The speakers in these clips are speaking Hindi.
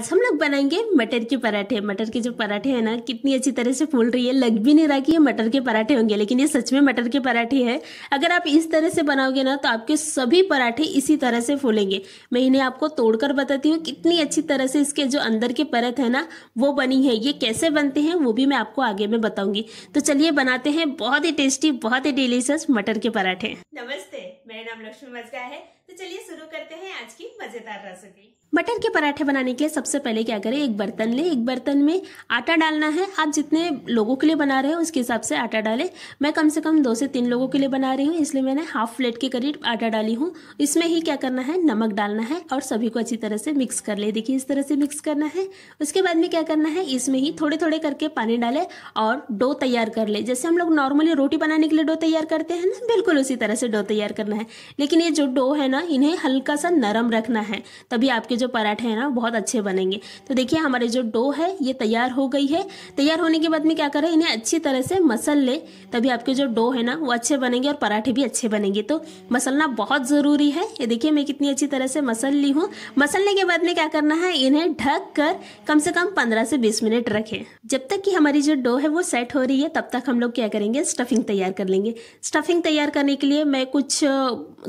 आज हम लोग बनाएंगे मटर के पराठे मटर के जो पराठे हैं ना कितनी अच्छी तरह से फूल रही है लग भी नहीं रहा कि ये मटर के पराठे होंगे लेकिन ये सच में मटर के पराठे हैं अगर आप इस तरह से बनाओगे ना तो आपके सभी पराठे इसी तरह से फूलेंगे मैं इन्हें आपको तोड़कर बताती हूँ कितनी अच्छी तरह से इसके जो अंदर के परत है ना वो बनी है ये कैसे बनते हैं वो भी मैं आपको आगे में बताऊंगी तो चलिए बनाते हैं बहुत ही टेस्टी बहुत ही डिलीशियस मटर के पराठे नमस्ते मेरा नाम लक्ष्मी मजगा है तो चलिए शुरू करते हैं आज की मजेदार रेसिपी मटर के पराठे बनाने के लिए सबसे पहले क्या करें एक बर्तन ले एक बर्तन में आटा डालना है आप जितने लोगों के लिए बना रहे हो उसके हिसाब से आटा डालें मैं कम से कम दो से तीन लोगों के लिए बना रही हूँ इसलिए मैंने हाफ प्लेट के करीब आटा डाली हूँ इसमें ही क्या करना है नमक डालना है और सभी को अच्छी तरह से मिक्स कर ले देखिए इस तरह से मिक्स करना है उसके बाद में क्या करना है इसमें ही थोड़े थोड़े करके पानी डालें और डो तैयार कर ले जैसे हम लोग नॉर्मली रोटी बनाने के लिए डो तैयार करते हैं ना बिल्कुल उसी तरह से डो तैयार करना है है लेकिन ये जो डो है ना इन्हें हल्का सा नरम रखना है तभी आपके जो पराठे हैं ना बहुत अच्छे बनेंगे तो देखिए हमारे जो डो है ये तैयार हो गई है तैयार होने के बाद में क्या करें इन्हें अच्छी तरह से मसल ले तभी आपके जो डो है ना वो अच्छे बनेंगे और पराठे भी अच्छे बनेंगे तो मसलना बहुत ज़रूरी है ये देखिए मैं कितनी अच्छी तरह से मसल ली हूँ मसलने के बाद में क्या करना है इन्हें ढक कर कम से कम पंद्रह से बीस मिनट रखें जब तक कि हमारी जो डो है वो सेट हो रही है तब तक हम लोग क्या करेंगे स्टफिंग तैयार कर लेंगे स्टफिंग तैयार करने के लिए मैं कुछ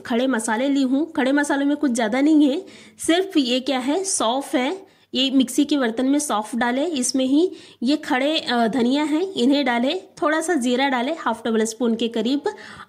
खड़े मसाले ली हूँ खड़े मसालों में कुछ ज़्यादा नहीं है सिर्फ ये क्या है सौफ है ये मिक्सी के बर्तन में सौफ डालें इसमें ही ये खड़े धनिया हैं इन्हें डालें थोड़ा सा जीरा डालें हाफ टेबल स्पून के करीब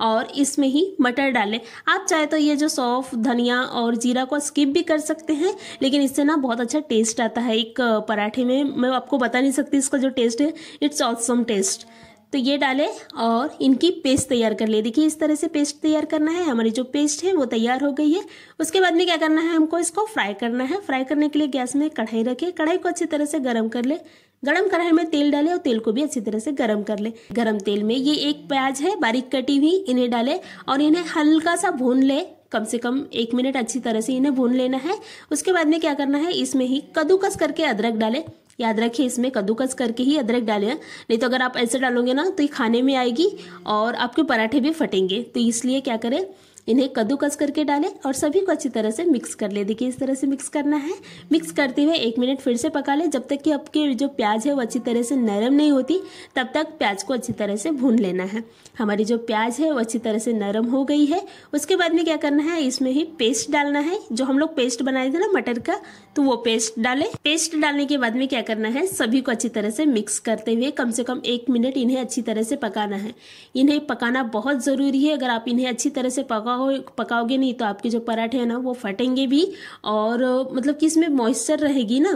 और इसमें ही मटर डालें आप चाहे तो ये जो सौफ धनिया और जीरा को स्किप भी कर सकते हैं लेकिन इससे ना बहुत अच्छा टेस्ट आता है एक पराठे में मैं आपको बता नहीं सकती इसका जो टेस्ट है इट्स ऑल्सम टेस्ट तो ये डालें और इनकी पेस्ट तैयार कर ले देखिए इस तरह से पेस्ट तैयार करना है हमारी जो पेस्ट है वो तैयार हो गई है उसके बाद में क्या करना है हमको इसको फ्राई करना है फ्राई करने के लिए गैस में कढ़ाई रखें कढ़ाई को अच्छी तरह से गर्म कर ले गरम कढ़ाई में तेल डालें और तेल को भी अच्छी तरह से गरम कर ले गरम तेल में ये एक प्याज है बारीक कटी हुई इन्हें डालें और इन्हें हल्का सा भून ले कम से कम एक मिनट अच्छी तरह से इन्हें भून लेना है उसके बाद में क्या करना है इसमें ही कद्दूकस करके अदरक डालें याद रखिए इसमें कद्दूकस करके ही अदरक डालें नहीं तो अगर आप ऐसे डालोगे ना तो ये खाने में आएगी और आपके पराठे भी फटेंगे तो इसलिए क्या करें इन्हें कद्दूकस करके डालें और सभी को अच्छी तरह से मिक्स कर लें देखिए इस तरह से मिक्स करना है मिक्स करते हुए एक मिनट फिर से पका लें जब तक कि आपके जो प्याज है वो अच्छी तरह से नरम नहीं होती तब तक प्याज को अच्छी तरह से भून लेना है हमारी जो प्याज है वो अच्छी तरह से नरम हो गई है उसके बाद में क्या करना है इसमें ही पेस्ट डालना है जो हम लोग पेस्ट बनाए थे ना मटर का तो वो पेस्ट डालें पेस्ट डालने के बाद में क्या करना है सभी को अच्छी तरह से मिक्स करते हुए कम से कम एक मिनट इन्हें अच्छी तरह से पकाना है इन्हें पकाना बहुत ज़रूरी है अगर आप इन्हें अच्छी तरह से पकाओ पकाओ पकाओगे नहीं तो आपके जो पराठे हैं ना वो फटेंगे भी और मतलब कि इसमें मॉइस्चर रहेगी ना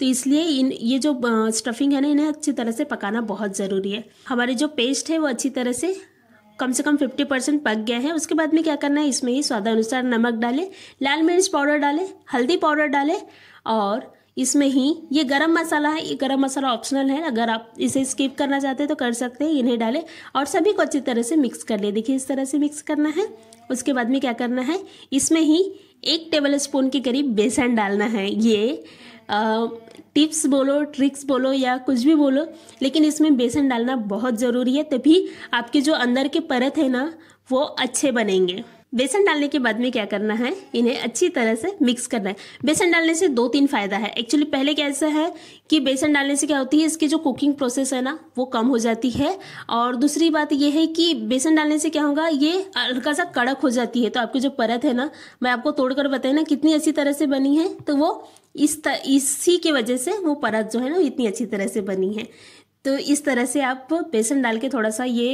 तो इसलिए इन ये जो स्टफिंग है ना इन्हें अच्छी तरह से पकाना बहुत ज़रूरी है हमारी जो पेस्ट है वो अच्छी तरह से कम से कम 50 परसेंट पक गया है उसके बाद में क्या करना है इसमें ही स्वादानुसार नमक डालें लाल मिर्च पाउडर डालें हल्दी पाउडर डालें और इसमें ही ये गरम मसाला है ये गरम मसाला ऑप्शनल है अगर आप इसे स्किप करना चाहते हैं तो कर सकते हैं ये नहीं डालें और सभी को अच्छी तरह से मिक्स कर ले देखिए इस तरह से मिक्स करना है उसके बाद में क्या करना है इसमें ही एक टेबल स्पून के करीब बेसन डालना है ये आ, टिप्स बोलो ट्रिक्स बोलो या कुछ भी बोलो लेकिन इसमें बेसन डालना बहुत ज़रूरी है तभी आपके जो अंदर के परत है ना वो अच्छे बनेंगे बेसन डालने के बाद में क्या करना है इन्हें अच्छी तरह से मिक्स करना है बेसन डालने से दो तीन फायदा है एक्चुअली पहले कैसा है कि बेसन डालने से क्या होती है इसकी जो कुकिंग प्रोसेस है ना वो कम हो जाती है और दूसरी बात यह है कि बेसन डालने से क्या होगा ये हल्का सा कड़क हो जाती है तो आपकी जो परत है ना मैं आपको तोड़कर बताए ना कितनी अच्छी तरह से बनी है तो वो इस इसी के वजह से वो परत जो है ना इतनी अच्छी तरह से बनी है तो इस तरह से आप बेसन डाल के थोड़ा सा ये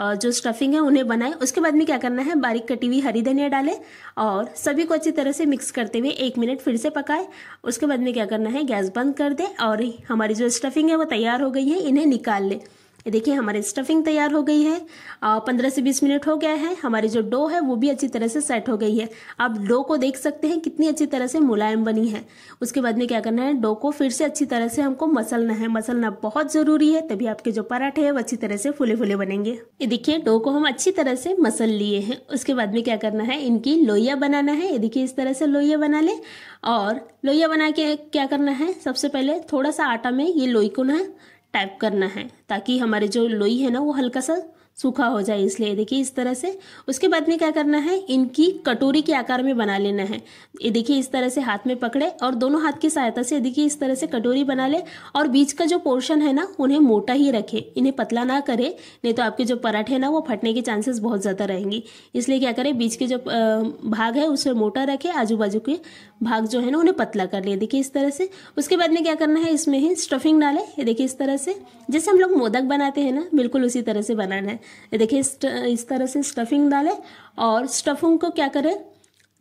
जो स्टफिंग है उन्हें बनाएं उसके बाद में क्या करना है बारीक कटी हुई हरी धनिया डालें और सभी को अच्छी तरह से मिक्स करते हुए एक मिनट फिर से पकाएं उसके बाद में क्या करना है गैस बंद कर दें और हमारी जो स्टफिंग है वो तैयार हो गई है इन्हें निकाल लें ये देखिए हमारी स्टफिंग तैयार हो गई है पंद्रह से बीस मिनट हो गया है हमारी जो डो है वो भी अच्छी तरह से सेट हो गई है आप डो को देख सकते हैं कितनी अच्छी तरह से मुलायम बनी है उसके बाद में क्या करना है डो को फिर से अच्छी तरह से हमको मसलना है मसलना बहुत ज़रूरी है तभी आपके जो पराठे है वो अच्छी तरह से फूले फुले बनेंगे ये देखिए डो को हम अच्छी तरह से मसल लिए हैं उसके बाद में क्या करना है इनकी लोहिया बनाना है ये देखिए इस तरह से लोहिया बना ले और लोहिया बना के क्या करना है सबसे पहले थोड़ा सा आटा में ये लोई को ना टाइप करना है ताकि हमारे जो लोई है ना वो हल्का सा सूखा हो जाए इसलिए देखिए इस तरह से उसके बाद में क्या करना है इनकी कटोरी के आकार में बना लेना है ये देखिए इस तरह से हाथ में पकड़े और दोनों हाथ की सहायता से देखिए इस तरह से कटोरी बना ले और बीच का जो पोर्शन है ना उन्हें मोटा ही रखे इन्हें पतला ना करे नहीं तो आपके जो पराठे ना वो फटने के चांसेस बहुत ज़्यादा रहेंगे इसलिए क्या करें बीच के जो भाग है उसे मोटा रखे आजू बाजू के भाग जो है ना उन्हें पतला कर लिया देखिए इस तरह से उसके बाद में क्या करना है इसमें ही स्टफिंग डाले ये देखिए इस तरह से जैसे हम लोग मोदक बनाते हैं ना बिल्कुल उसी तरह से बनाना है ये देखिए इस तरह से स्टफिंग डाले और स्टफिंग को क्या करें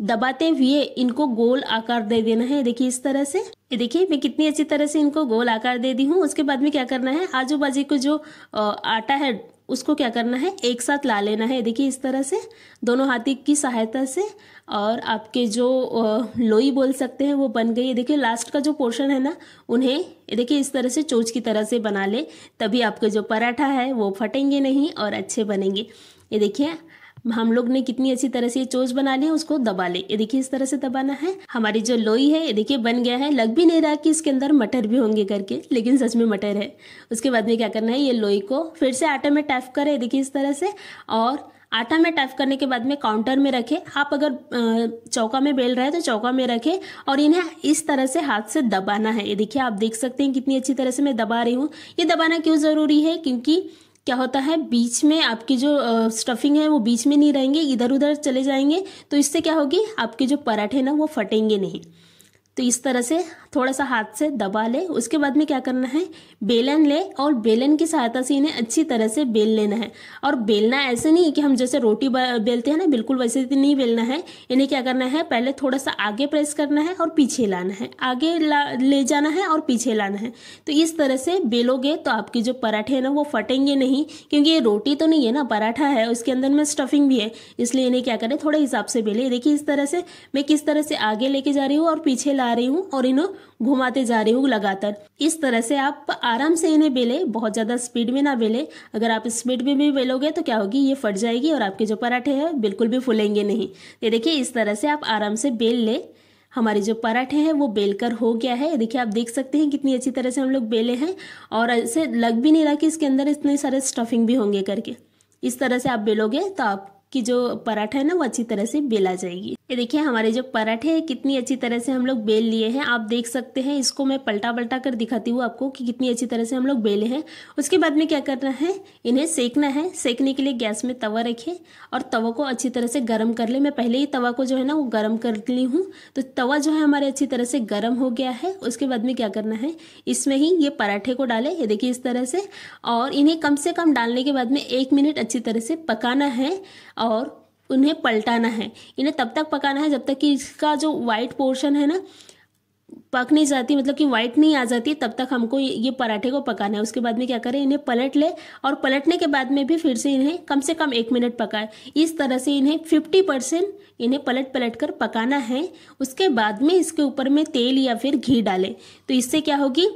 दबाते हुए इनको गोल आकार दे देना है देखिए इस तरह से ये देखिए मैं कितनी अच्छी तरह से इनको गोल आकार दे दी हूँ उसके बाद में क्या करना है आजू बाजू को जो आटा है उसको क्या करना है एक साथ ला लेना है देखिए इस तरह से दोनों हाथी की सहायता से और आपके जो लोई बोल सकते हैं वो बन गई है देखिए लास्ट का जो पोर्शन है ना उन्हें देखिए इस तरह से चोच की तरह से बना ले तभी आपके जो पराठा है वो फटेंगे नहीं और अच्छे बनेंगे ये देखिए हम लोग ने कितनी अच्छी तरह से ये चोच बना लिया उसको दबा ले ये देखिए इस तरह से दबाना है हमारी जो लोई है ये देखिए बन गया है लग भी नहीं रहा कि इसके अंदर मटर भी होंगे करके लेकिन सच में मटर है उसके बाद में क्या करना है ये लोई को फिर से आटे में टैफ करें देखिए इस तरह से और आटा में टैफ करने के बाद में काउंटर में रखे आप अगर चौका में बेल रहे हैं तो चौका में रखे और इन्हें इस तरह से हाथ से दबाना है ये देखिए आप देख सकते हैं कितनी अच्छी तरह से मैं दबा रही हूँ ये दबाना क्यों ज़रूरी है क्योंकि क्या होता है बीच में आपकी जो स्टफिंग है वो बीच में नहीं रहेंगे इधर उधर चले जाएंगे तो इससे क्या होगी आपके जो पराठे ना वो फटेंगे नहीं तो इस तरह से थोड़ा सा हाथ से दबा ले उसके बाद में क्या करना है बेलन ले और बेलन की सहायता से इन्हें अच्छी तरह से बेल लेना है और बेलना ऐसे नहीं कि हम जैसे रोटी बेलते हैं ना बिल्कुल वैसे तो नहीं बेलना है इन्हें क्या करना है पहले थोड़ा सा आगे प्रेस करना है और पीछे लाना है आगे ला, ले जाना है और पीछे लाना है तो इस तरह से बेलोगे तो आपके जो पराठे हैं ना वो फटेंगे नहीं क्योंकि ये रोटी तो नहीं है ना पराठा है उसके अंदर में स्टफिंग भी है इसलिए इन्हें क्या करें थोड़े हिसाब से बेले देखिए इस तरह से मैं किस तरह से आगे लेके जा रही हूँ और पीछे ला रही हूँ और इन्हों घुमाते जा रही हूँ लगातार इस तरह से आप आराम से इन्हें बेले बहुत ज़्यादा स्पीड में ना बेले अगर आप स्पीड में भी बेलोगे तो क्या होगी ये फट जाएगी और आपके जो पराठे हैं बिल्कुल भी फूलेंगे नहीं ये देखिए इस तरह से आप आराम से बेल ले हमारे जो पराठे हैं वो बेलकर हो गया है देखिए आप देख सकते हैं कितनी अच्छी तरह से हम लोग बेले हैं और ऐसे लग भी नहीं रहा कि इसके अंदर इतने सारे स्टफिंग भी होंगे करके इस तरह से आप बेलोगे तो आप कि जो पराठा है ना वो अच्छी तरह से बेला जाएगी ये देखिए हमारे जो पराठे हैं कितनी अच्छी तरह से हम लोग बेल लिए हैं आप देख सकते हैं इसको मैं पलटा पलटा कर दिखाती हूँ आपको कि कितनी अच्छी तरह से हम लोग बेले हैं उसके बाद में क्या करना है इन्हें सेकना है सेकने के लिए गैस में तवा रखे और तवा को अच्छी तरह से गर्म कर ले मैं पहले ही तवा को जो है ना वो गर्म कर ली हूँ तो तवा जो है हमारे अच्छी तरह से गर्म हो गया है उसके बाद में क्या करना है इसमें ही ये पराठे को डालें ये देखिए इस तरह से और इन्हें कम से कम डालने के बाद में एक मिनट अच्छी तरह से पकाना है और उन्हें पलटाना है इन्हें तब तक पकाना है जब तक कि इसका जो वाइट पोर्शन है ना पक नहीं जाती मतलब कि वाइट नहीं आ जाती तब तक हमको ये पराठे को पकाना है उसके बाद में क्या करें इन्हें पलट ले और पलटने के बाद में भी फिर से इन्हें कम से कम एक मिनट पकाए इस तरह से इन्हें फिफ्टी परसेंट इन्हें पलट पलट कर पकाना है उसके बाद में इसके ऊपर में तेल या फिर घी डालें तो इससे क्या होगी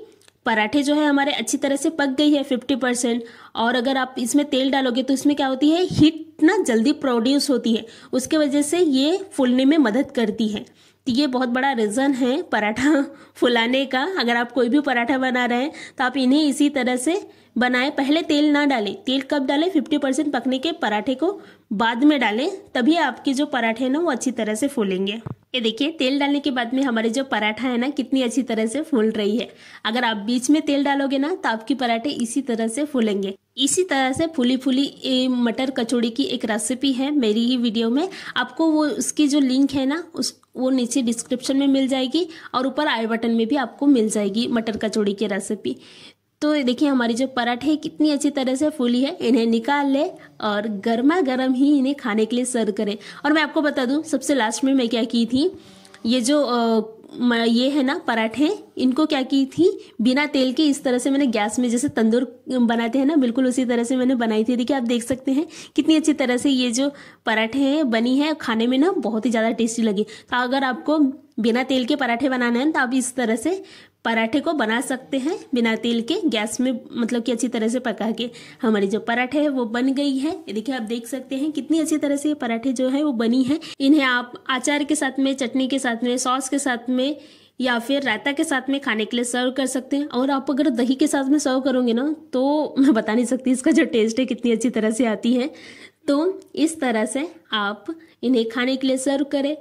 पराठे जो है हमारे अच्छी तरह से पक गई है फिफ्टी परसेंट और अगर आप इसमें तेल डालोगे तो इसमें क्या होती है हीट ना जल्दी प्रोड्यूस होती है उसके वजह से ये फूलने में मदद करती है तो ये बहुत बड़ा रीज़न है पराठा फुलाने का अगर आप कोई भी पराठा बना रहे हैं तो आप इन्हें इसी तरह से बनाएं पहले तेल ना डालें तेल कब डालें फिफ्टी परसेंट पकने के पराठे को बाद में डालें तभी आपके जो पराठे हैं ना वो अच्छी तरह से फूलेंगे ये देखिए तेल डालने के बाद में हमारे जो पराठा है ना कितनी अच्छी तरह से फूल रही है अगर आप बीच में तेल डालोगे ना तो आपकी पराठे इसी तरह से फूलेंगे इसी तरह से फूली फूली मटर कचौड़ी की एक रेसिपी है मेरी ही वीडियो में आपको वो उसकी जो लिंक है ना उस वो नीचे डिस्क्रिप्शन में मिल जाएगी और ऊपर आई बटन में भी आपको मिल जाएगी मटर कचौड़ी की रेसिपी तो देखिए हमारी जो पराठे कितनी अच्छी तरह से फूली है इन्हें निकाल लें और गर्मा गर्म ही इन्हें खाने के लिए सर्व करें और मैं आपको बता दूं सबसे लास्ट में मैं क्या की थी ये जो आ, ये है ना पराठे इनको क्या की थी बिना तेल के इस तरह से मैंने गैस में जैसे तंदूर बनाते हैं ना बिल्कुल उसी तरह से मैंने बनाई थी देखिए आप देख सकते हैं कितनी अच्छी तरह से ये जो पराठे हैं बनी है खाने में ना बहुत ही ज़्यादा टेस्टी लगी तो अगर आपको बिना तेल के पराठे बनाना है तो आप इस तरह से पराठे को बना सकते हैं बिना तेल के गैस में मतलब कि अच्छी तरह से पका के हमारी जो पराठे है वो बन गई है देखिए आप देख सकते हैं कितनी अच्छी तरह से ये पराठे जो है वो बनी है इन्हें आप अचार के साथ में चटनी के साथ में सॉस के साथ में या फिर रायता के साथ में खाने के लिए सर्व कर सकते हैं और आप अगर दही के साथ में सर्व करोगे ना तो मैं बता नहीं सकती इसका जो टेस्ट है कितनी अच्छी तरह से आती है तो इस तरह से आप इन्हें खाने के लिए सर्व करें